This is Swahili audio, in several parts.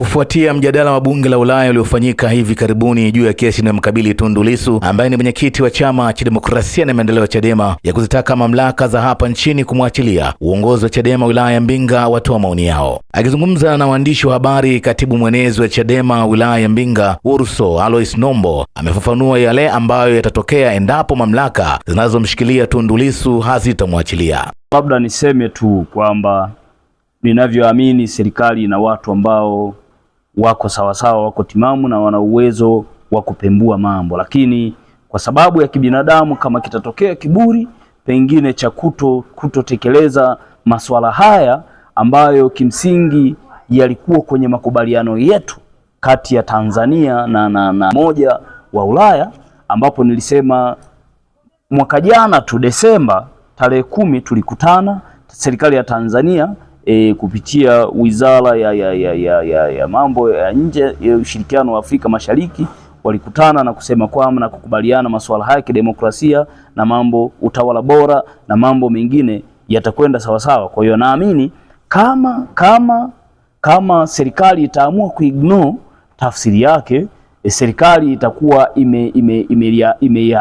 Kufuatia mjadala wa bunge la Ulaya uliofanyika hivi karibuni juu ya kesi inayomkabili Tundu Lissu ambaye ni mwenyekiti wa chama cha demokrasia na maendeleo Chadema ya kuzitaka mamlaka za hapa nchini kumwachilia, uongozi wa Chadema wilaya ya Mbinga watoa maoni yao. Akizungumza na waandishi wa habari, katibu mwenezi wa Chadema wilaya ya Mbinga Urso Alois Nombo amefafanua yale ambayo yatatokea endapo mamlaka zinazomshikilia Tundu Lissu hazitamwachilia. Labda niseme tu kwamba ninavyoamini serikali na watu ambao wako sawasawa, wako timamu na wana uwezo wa kupembua mambo, lakini kwa sababu ya kibinadamu, kama kitatokea kiburi pengine cha kuto kutotekeleza masuala haya ambayo kimsingi yalikuwa kwenye makubaliano yetu kati ya Tanzania na, na, na moja wa Ulaya ambapo nilisema mwaka jana tu Desemba tarehe kumi tulikutana serikali ya Tanzania e, kupitia wizara ya, ya, ya, ya, ya, ya mambo ya nje ya ushirikiano wa Afrika Mashariki walikutana na kusema kwamba na kukubaliana masuala haya kidemokrasia na mambo utawala bora na mambo mengine yatakwenda sawasawa. Kwa hiyo naamini kama, kama, kama serikali itaamua kuignore tafsiri yake e, serikali itakuwa imeiandaa ime, ime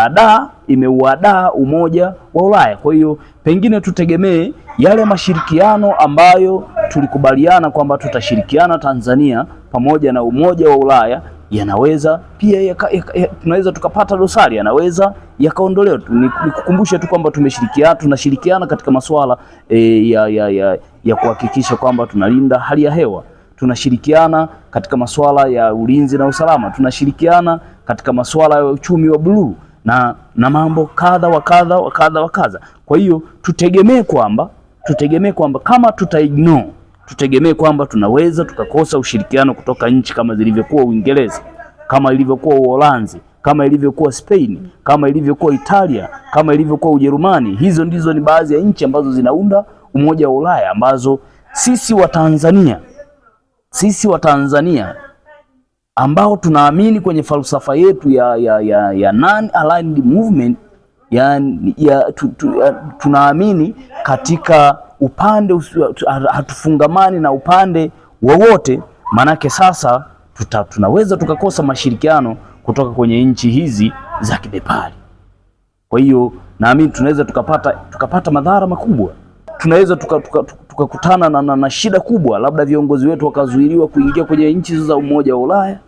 imeuadaa umoja wa Ulaya. Kwa hiyo pengine tutegemee yale mashirikiano ambayo tulikubaliana kwamba tutashirikiana Tanzania pamoja na umoja wa Ulaya yanaweza pia yaka, yaka, yaka, tunaweza tukapata dosari, yanaweza yakaondolewa. Nikukumbushe tu kwamba tumeshirikiana, tunashirikiana katika masuala e, ya, ya, ya, ya kuhakikisha kwamba tunalinda hali ya hewa tunashirikiana katika masuala ya ulinzi na usalama, tunashirikiana katika masuala ya uchumi wa bluu na, na mambo kadha wa kadha wa kadha wa kadha. Kwa hiyo tutegemee kwamba tutegemee kwamba kama tuta ignore, tutegemee kwamba tunaweza tukakosa ushirikiano kutoka nchi kama zilivyokuwa Uingereza, kama ilivyokuwa Uholanzi, kama ilivyokuwa Spain, kama ilivyokuwa Italia, kama ilivyokuwa Ujerumani. Hizo ndizo ni baadhi ya nchi ambazo zinaunda Umoja wa Ulaya ambazo sisi wa Tanzania sisi wa Tanzania ambao tunaamini kwenye falsafa yetu ya, ya, ya, ya non-aligned movement ya, ya, tu, tu, ya, tunaamini katika upande hatufungamani na upande wowote, maanake sasa tuta, tunaweza tukakosa mashirikiano kutoka kwenye nchi hizi za kibepari. Kwa hiyo naamini tunaweza tukapata, tukapata madhara makubwa tunaweza tuka, tuka, tuka tukakutana na, na, na shida kubwa, labda viongozi wetu wakazuiliwa kuingia kwenye nchi za Umoja wa Ulaya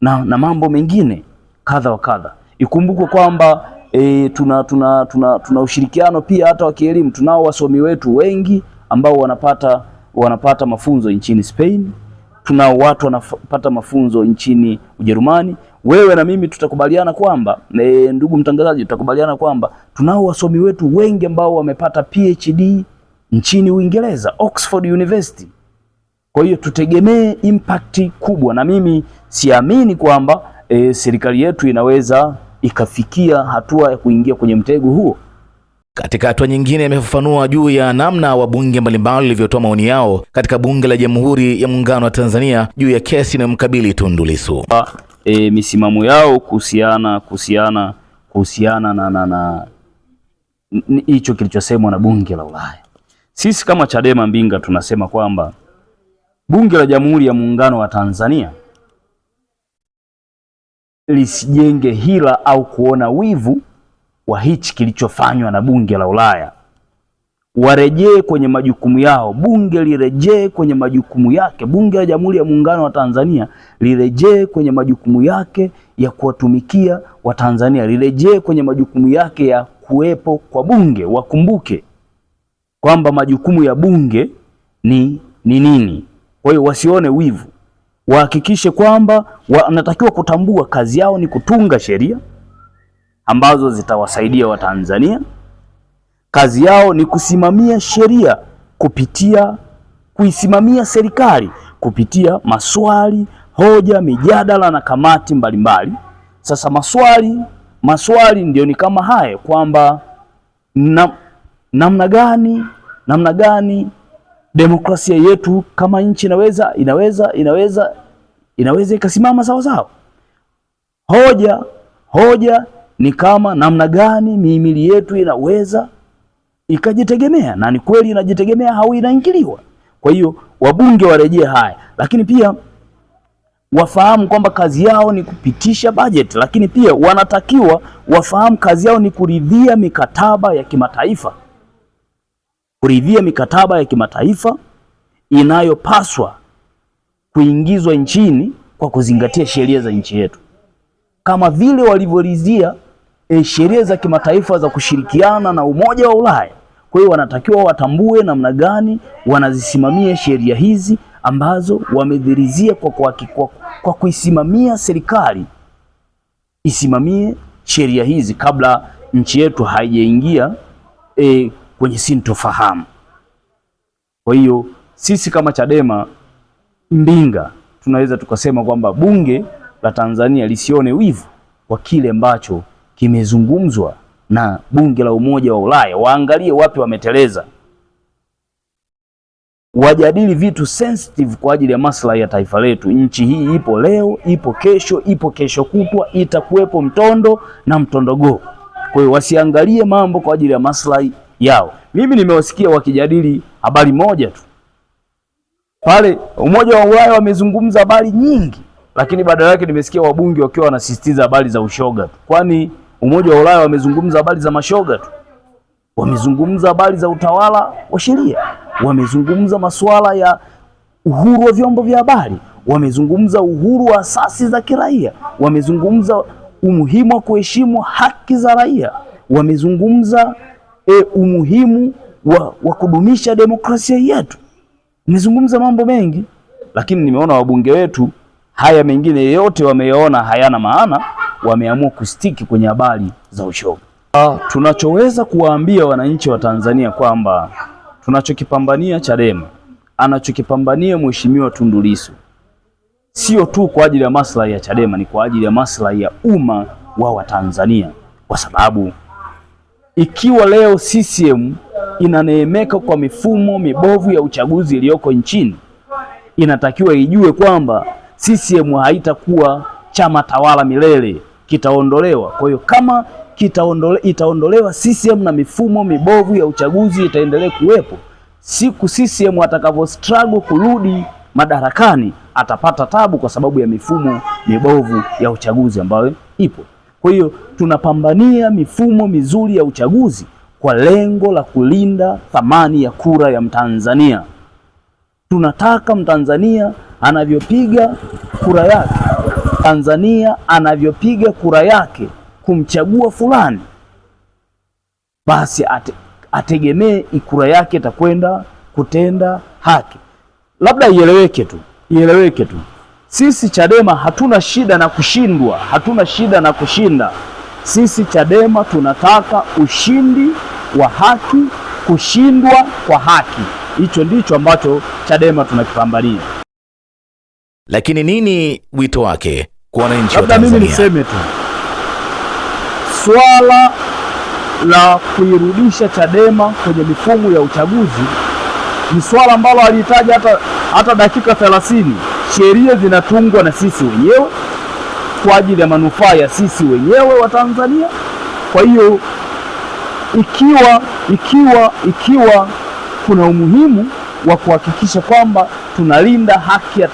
na, na mambo mengine kadha wa kadha. Ikumbukwe kwamba e, tuna, tuna, tuna, tuna ushirikiano pia hata wa kielimu. Tunao wasomi wetu wengi ambao wanapata, wanapata mafunzo nchini Spain, tunao watu wanapata mafunzo nchini Ujerumani. Wewe na mimi tutakubaliana kwamba e, ndugu mtangazaji, tutakubaliana kwamba tunao wasomi wetu wengi ambao wamepata PhD nchini Uingereza, Oxford University. Kwa hiyo tutegemee impact kubwa, na mimi siamini kwamba e, serikali yetu inaweza ikafikia hatua ya kuingia kwenye mtego huo. Katika hatua nyingine, imefafanua juu ya namna wabunge mbalimbali walivyotoa maoni yao katika bunge la Jamhuri ya Muungano wa Tanzania juu ya kesi inayomkabili Tundu Lissu. E, misimamo yao kuhusiana kuhusiana kuhusiana na na hicho na, kilichosemwa na bunge la Ulaya sisi kama Chadema Mbinga tunasema kwamba Bunge la Jamhuri ya Muungano wa Tanzania lisijenge hila au kuona wivu wa hichi kilichofanywa na Bunge la Ulaya. Warejee kwenye majukumu yao, bunge lirejee kwenye majukumu yake. Bunge la Jamhuri ya Muungano wa Tanzania lirejee kwenye majukumu yake ya kuwatumikia Watanzania, lirejee kwenye majukumu yake ya kuwepo kwa bunge. Wakumbuke kwamba majukumu ya bunge ni ni nini. Kwa hiyo wasione wivu, wahakikishe kwamba wanatakiwa kutambua kazi yao ni kutunga sheria ambazo zitawasaidia Watanzania. Kazi yao ni kusimamia sheria kupitia kuisimamia serikali kupitia maswali, hoja, mijadala na kamati mbalimbali mbali. Sasa maswali maswali ndio ni kama haya kwamba na, namna gani namna gani demokrasia yetu kama nchi inaweza inaweza inaweza inaweza ikasimama sawa sawa. Hoja hoja ni kama namna gani mihimili yetu inaweza ikajitegemea, na ni kweli inajitegemea, au inaingiliwa. Kwa hiyo wabunge warejee haya, lakini pia wafahamu kwamba kazi yao ni kupitisha bajeti, lakini pia wanatakiwa wafahamu kazi yao ni kuridhia mikataba ya kimataifa kuridhia mikataba ya kimataifa inayopaswa kuingizwa nchini kwa kuzingatia sheria za nchi yetu, kama vile walivyoridhia e, sheria za kimataifa za kushirikiana na Umoja wa Ulaya. Kwa hiyo wanatakiwa watambue namna gani wanazisimamia sheria hizi ambazo wamedhirizia kwa, kwa, kwa, kwa kuisimamia serikali isimamie sheria hizi kabla nchi yetu haijaingia e, kwenye sintofahamu. Kwa hiyo sisi kama Chadema Mbinga tunaweza tukasema kwamba bunge la Tanzania lisione wivu kwa kile ambacho kimezungumzwa na bunge la Umoja wa Ulaya. Waangalie wapi wameteleza, wajadili vitu sensitive kwa ajili ya maslahi ya taifa letu. Nchi hii ipo leo, ipo kesho, ipo kesho kutwa, itakuwepo mtondo na mtondogoo. Kwa hiyo wasiangalie mambo kwa ajili ya maslahi yao. Mimi nimewasikia wakijadili habari moja tu pale. Umoja wa Ulaya wamezungumza habari nyingi, lakini badala yake nimesikia wabunge wakiwa wanasisitiza habari za ushoga tu. Kwani Umoja wa Ulaya wamezungumza habari za mashoga tu? Wamezungumza habari za utawala wa sheria, wamezungumza masuala ya uhuru wa vyombo vya habari, wamezungumza uhuru wa asasi za kiraia, wamezungumza umuhimu wa kuheshimu haki za raia, wamezungumza e, umuhimu wa, wa kudumisha demokrasia yetu. Nimezungumza mambo mengi, lakini nimeona wabunge wetu haya mengine yote wameyaona hayana maana, wameamua kustiki kwenye habari za ushoga. Tunachoweza kuwaambia wananchi wa Tanzania kwamba tunachokipambania Chadema, anachokipambania Mheshimiwa Tundu Lissu sio tu kwa ajili ya maslahi ya Chadema, ni kwa ajili ya maslahi ya umma wa Watanzania kwa sababu ikiwa leo CCM inaneemeka kwa mifumo mibovu ya uchaguzi iliyoko nchini, inatakiwa ijue kwamba CCM haitakuwa chama tawala milele, kitaondolewa. Kwa hiyo kama kitaondole, itaondolewa CCM na mifumo mibovu ya uchaguzi itaendelea kuwepo, siku CCM atakavyo struggle kurudi madarakani atapata tabu, kwa sababu ya mifumo mibovu ya uchaguzi ambayo ipo. Kwa hiyo tunapambania mifumo mizuri ya uchaguzi kwa lengo la kulinda thamani ya kura ya Mtanzania. Tunataka Mtanzania anavyopiga kura yake, Tanzania anavyopiga kura yake kumchagua fulani, basi ate, ategemee ikura yake itakwenda kutenda haki. Labda ieleweke tu, ieleweke tu. Sisi Chadema hatuna shida na kushindwa, hatuna shida na kushinda. Sisi Chadema tunataka ushindi wa haki, kushindwa kwa haki. Hicho ndicho ambacho Chadema tunakipambania. Lakini nini wito wake kwa wananchi wa Tanzania? Mimi niseme tu swala la kuirudisha Chadema kwenye mifumo ya uchaguzi ni swala ambalo alihitaji hata, hata dakika thelathini sheria zinatungwa na sisi wenyewe kwa ajili ya manufaa ya sisi wenyewe wa Tanzania. Kwa hiyo ikiwa ikiwa ikiwa kuna umuhimu wa kuhakikisha kwamba tunalinda haki ya,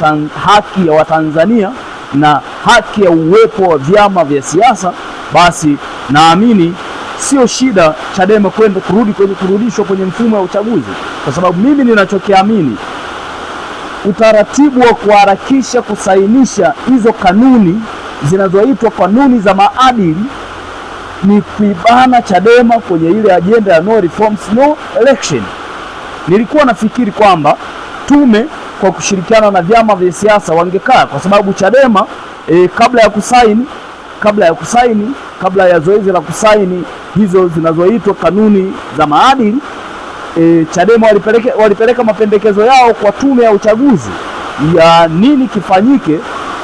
haki ya Watanzania na haki ya uwepo wa vyama vya siasa, basi naamini sio shida Chadema kwenda kurudi kwenye kurudishwa kwenye mfumo wa uchaguzi, kwa sababu mimi ninachokiamini utaratibu wa kuharakisha kusainisha hizo kanuni zinazoitwa kanuni za maadili ni kuibana Chadema kwenye ile ajenda ya no reforms no election. Nilikuwa nafikiri kwamba tume kwa kushirikiana na vyama vya siasa wangekaa, kwa sababu Chadema e, kabla ya kusaini kabla ya kusaini kabla ya zoezi la kusaini hizo zinazoitwa kanuni za maadili e, Chadema walipeleke, walipeleka mapendekezo yao kwa tume ya uchaguzi ya nini kifanyike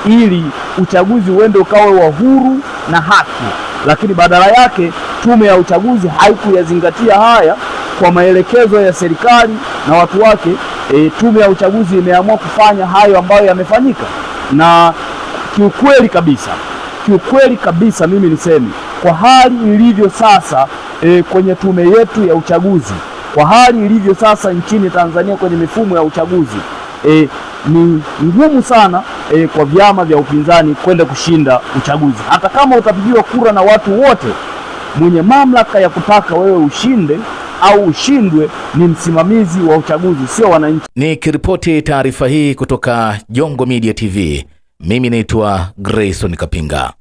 ili uchaguzi uende ukawe wa huru na haki, lakini badala yake tume ya uchaguzi haikuyazingatia haya kwa maelekezo ya serikali na watu wake. E, tume ya uchaguzi imeamua kufanya hayo ambayo yamefanyika, na kiukweli kabisa, kiukweli kabisa mimi niseme kwa hali ilivyo sasa e, kwenye tume yetu ya uchaguzi kwa hali ilivyo sasa nchini Tanzania kwenye mifumo ya uchaguzi e, ni ngumu sana e, kwa vyama vya upinzani kwenda kushinda uchaguzi. Hata kama utapigiwa kura na watu wote, mwenye mamlaka ya kutaka wewe ushinde au ushindwe ni msimamizi wa uchaguzi, sio wananchi. ni kiripoti taarifa hii kutoka Jongo Media TV, mimi naitwa Grayson Kapinga.